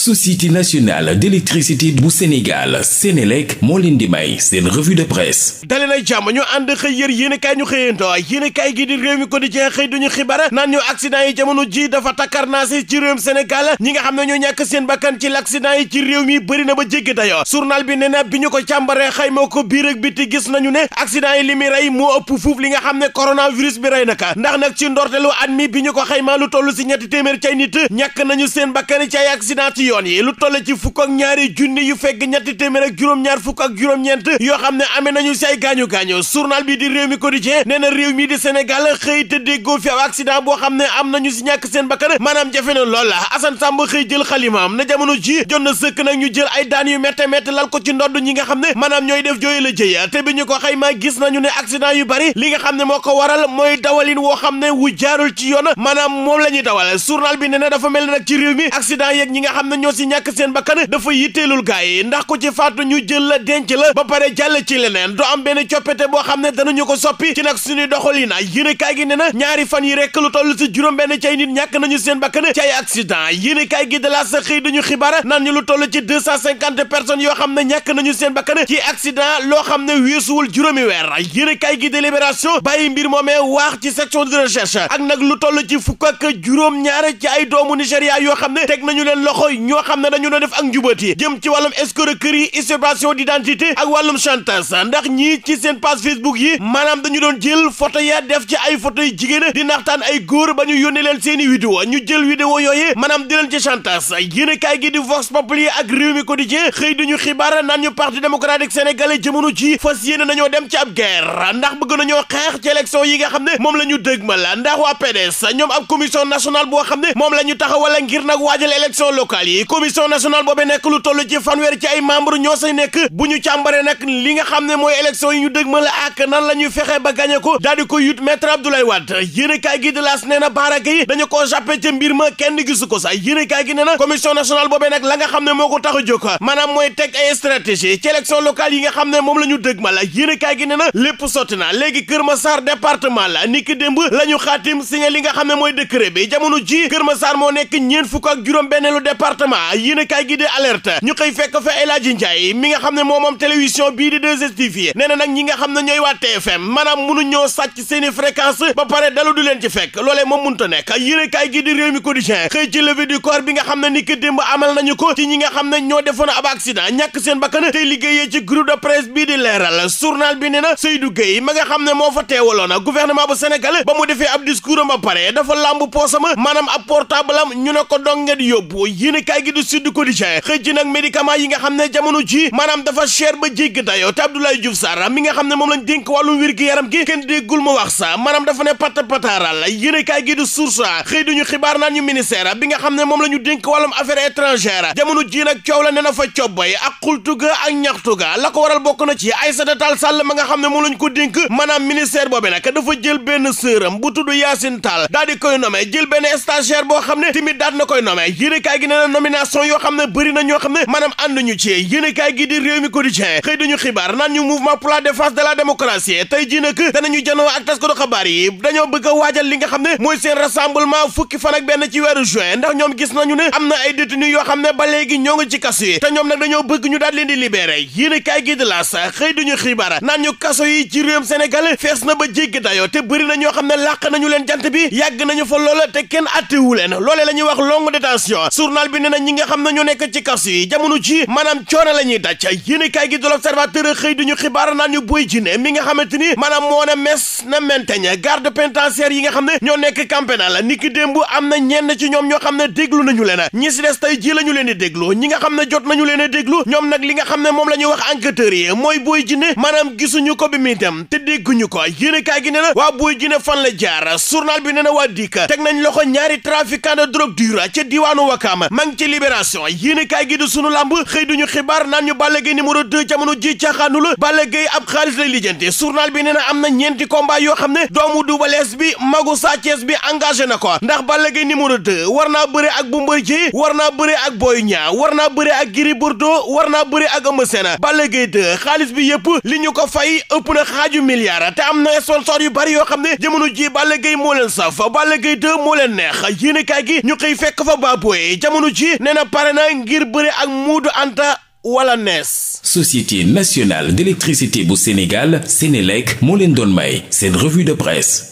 société nationale d'électricité bu Sénégal Sénélec moo leen di may seen revue de presse dali na jàmm ñu ànd xëy yër yéenekaay ñu xëyanto yéenekaay gi di réew mi quotidien xëy duñu xibaar naan ñu accident yi jamono ji dafa takkar naa si ci réewum Sénégal ñi nga xam ne ñoo ñàkk seen bakkan ci l'accident yi ci réew mi bëri na ba jéggi dayoo journal bi nee na bi ñu ko càmbaree xayma ko biir ak biti gis nañu ne accident yi li muy rey moo ëpp fuuf li nga xam ne coronavirus bi rey naka ndax nag ci ndortelu at mi bi ñu ko toll si ñetti téeméer cay nit ñàkk nañu seen bakkan yoon yi lu toll ci fukk ak ñaari junni yu fekk ñetti téeméer ak juróom-ñaar fukk ak juróom-ñeent yoo xam ne amee nañu si gaañu-gaañu journal bi di réew mi quotidien nee na réew mi di Sénégal xëy te déggoo fi aw accident boo xam ne jamono ji jot na sëkk nag ñu jël ay daan yu métte métte lal ko ci ndodd ñi nga xam ne maanaam ñooy def jooyu la jëya te bi ñu ko xaymaa gis nañu ne accident yu bari li nga xam ne moo ko waral mooy dawalin woo xam ne wu jaarul ci yoon maanaam moom la dawal journal bi nee na ñoo si ñàkk seen bakkan dafa yitteelul gars yi ndax ku ci faatu ñu jël la denc la ba pare jàll ci leneen du am benn coppete boo xam ne danañu ko soppi ci nag suñuy doxalin yéenekaay gi ne na ñaari fan yi rek lu toll si juróom benn ci nit ñàkk nañu seen bakkan ci ay accident yéenekaay gi de la sa xëy dañu xibaar naan ñu lu toll ci deux cent cinquante personnes yoo xam ne ñàkk nañu seen bakkan ci accident loo xam ne weesuwul juróomi weer yéenekaay gi de Libération bàyyi mbir moomee waax ci section de recherche ak nag lu toll ci fukk ak juróom ñaar ci ay doomu Nigéria yoo xam ne teg nañu leen loxo ñoo xam ne dañu doon def ak njubati jëm ci wàllum escroquerie usurpation d'identité ak wàllum chantage ndax ñii ci seen page Facebook yi maanaam dañu doon jël photo ya def ci ay photo yu jigéen di naxtaan ay góor ba ñu yónnee leen seeni vidéo ñu jël vidéo yooyu maanaam di leen ci chantage yéen kaay gi di Vox Populi ak Rewmi Quotidien xëy dañu xibaar naan ñu parti démocratique sénégalais jamono ji fas yéene nañoo dem ci ab guerre ndax bëgg nañoo xeex ci élection yi nga xam ne moom la ñu dëgmal ndax waa PDS ñoom ab commission boo xam ne moom la ñu taxawal ngir nag waajal élection locale yi yi commission nationale boobee nekk lu toll ci fanweer ci ay membre ñoo say nekk bu ñu càmbaree nag li nga xam ne mooy élection yi ñu dëgmal ak nan la ñuy fexe ba gagné ko daal di ko yut maître Abdoulaye Wade yéenekaay gi di laas nee na baaraka yi dañu koo jàppe ca mbir ma kenn gisu ko sax yéenekaay gi nee na commission nationale boobee nag la nga xam ne moo ko tax a jóg maanaam mooy teg ay stratégie ci élection locale yi nga xam ne moom la ñu dëgmal yéenekaay gi nee lépp sotti na léegi Kër Massar département la ni ki démb la ñu li nga xam ne mooy décret bi jamono ji Kër Massar moo nekk ñeen fukk ak juróom benneelu ma yéen kaay gi di alerte ñu koy fekk fa El Hadji mi nga xam ne moom moom télévision bii di 2STV nee na nag ñi nga xam ne ñooy waa TFM maanaam munu ñoo sàcc seeni i fréquence ba pare dalu du leen ci fekk loole moom mënta nekk yéen kaay gi di réew mi quotidien xëy ci levée du corps bi nga xam ne ni ki démb amal nañu ko ci ñi nga xam ne ñoo defoon ab accident ñàkk seen bakkan tey liggéeyee ci groupe de presse bii di leeral journal bi nee na Seydou Gueye ma nga xam ne moo fa teewaloon gouvernement bu Sénégal ba mu defee ab discours am ba pare dafa làmb poosama maanaam ab portable am ñu ne ko dong kaay gi du Sud Quotidien nag médicament yi nga xam ne jamono ji maanaam dafa cher ba jégg dayoo te Abdoulaye Diouf Sarr mi nga xam ne moom lañ dénk wàllum wér gi A xëy duñu la ñu dénk jamono ji nag coow la ne na fa cobboy ak xultuga ak ñaxtuga la ko waral bokk na ci Aïssata Tall Sall ma nga xam ne moom lañ ko dénk maanaam ministère boobe nag dafa jël benn sëram bu tudd Yacine Tall daal koy nommé jël benn stagiaire boo xam ne timit daat na koy nommé yéene kaay gi ne na nomination yoo xam ne bëri na ñoo xam ne maanaam ànduñu ci yéenekaay gi di réew ñu la défense a waajal li nga xam ne mooy seen rassemblement gis nañu ne am na ay détenus yoo xam ne ba léegi ñoo ngi ci kaso yi te ñoom nag dañoo bëgg ñu daal leen di libéré xëy dañu xibaar naan ñu kaso yi ci réewum Sénégal fees na ba jéggi dayoo te bëri na ñoo xam ne làq nañu leen jant bi yàgg nañu fa loola te kenn attewu leen loolee la wax longue détention journal bi rawatina ñi nga xam ne ñu nekk ci kaso yi jamono ji maanaam coono la ñuy daj yéenekaay gi de l'Observateur xëy duñu xibaar naan ñu Boy Djiné mi nga xamante ni maanaam moo ne mes na menteñ garde pénitentiaire yi nga xam ne ñoo nekk camp pénal niki démb am na ñenn ci ñoom ñoo xam ne déglu nañu leen ñi si des tey ji la leen di déglu ñi nga xam ne jot nañu leen di déglu ñoom nag li nga xam ne moom la ñuy wax enquêteurs yi mooy Boy Djiné maanaam gisuñu ko bi muy dem te dégguñu ko yéenekaay gi ne na waa Boy Djiné fan la jaar journal bi ne na waa dikk teg nañ loxo ñaari trafiquant de drogue dure ca diwaanu Wakaam ci libération yéen kaay gi di sunu lamb xëy duñu xibaar naan ñu Balla Gaye numéro 2 jamono ji caaxaanul Balla Gaye ab xaalis lay lijjanti journal bi nee na am na ñeenti combat yoo xam ne doomu Double Less bi magu Sa Thiès bi engagé na ko ndax Balla Gaye numéro 2 war naa bëre ak Bombardier war naa bëre ak Boy ñaa war naa bëre ak Gris Bordeaux war naa bëre ak Eumeu Sène Balla Gaye xaalis bi yëpp li ñu ko fay ëpp na xaaju milliard te am na sponsor yu bari yoo xam ne jamono ji Balla Gaye moo leen saf Balla Gaye moo leen neex yéen kaay gi ñu xëy fekk fa jamono ji bi nee na pare na ngir bëri ak muudu anta wala nees. société nationale d'électricité bu Sénégal Sénélec moo leen doon may seen revue de presse.